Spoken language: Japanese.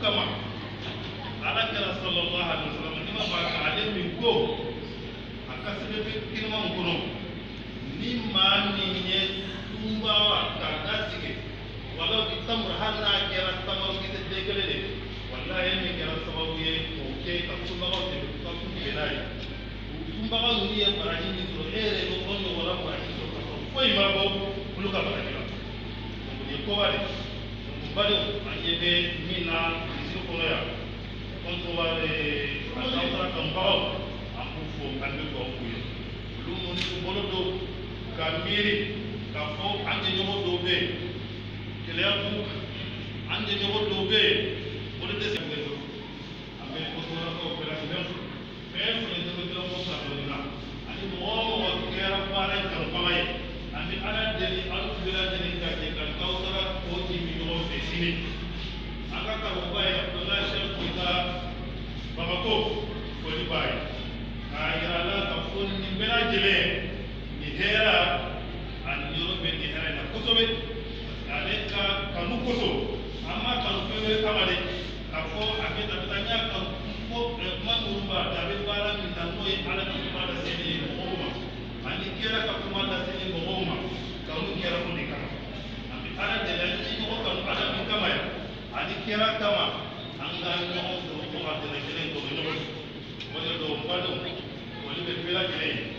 kama alakira sallallahu alaihi wasallam ni ma m a ka ale m i ko a ka s ɛ b ɛ k i r m a n kɔnɔ ni maa i n e dunbawa ka da sigi wala bi t a m r u h a n'a kɛra t a m kisɛ d e k e l e de walayi m i kɛra sababu ye k'o kɛ ka s u n a g a w d ɛ u ka k u bɛ n'a ye u n b a g a n i ye baraji m i r ɔ e r ɛ b o ɲ ɔ g a baraji sɔrɔ k o i ma bɔ olu ka b a r i koba de ye b a d e n an ɲ bɛ m i na lawyer also had a, an outside compound and put for Agbeko Okoye. Olumo ní do ka miri ka fɔ an tɛ ɲɔgɔn dɔw bɛ yen. Kɛlɛya kun an tɛ ɲɔgɔn dɔw bɛ yen. jile mi hera an yoro be ni hera na kuso be ale ka kanu kuso amma kanu fere kama de ka fɔ a bɛ ta taa ɲa ka ko kuma minnu b'a da a bɛ baara min na n'o ye ala ka kuma lase ne mɔgɔw ma ani kira ka kuma lase ne mɔgɔw ma kanu kɛra o de kama an bɛ ala dɛmɛ an ye ɲɔgɔn kanu ala min kama yan ani kira kama an ka ɲɔgɔn sɔrɔ ko ka dɛmɛ kelen sɔrɔ ɲɔgɔn fɛ o de don n balimaw olu bɛ bɛɛ lajɛlen ye.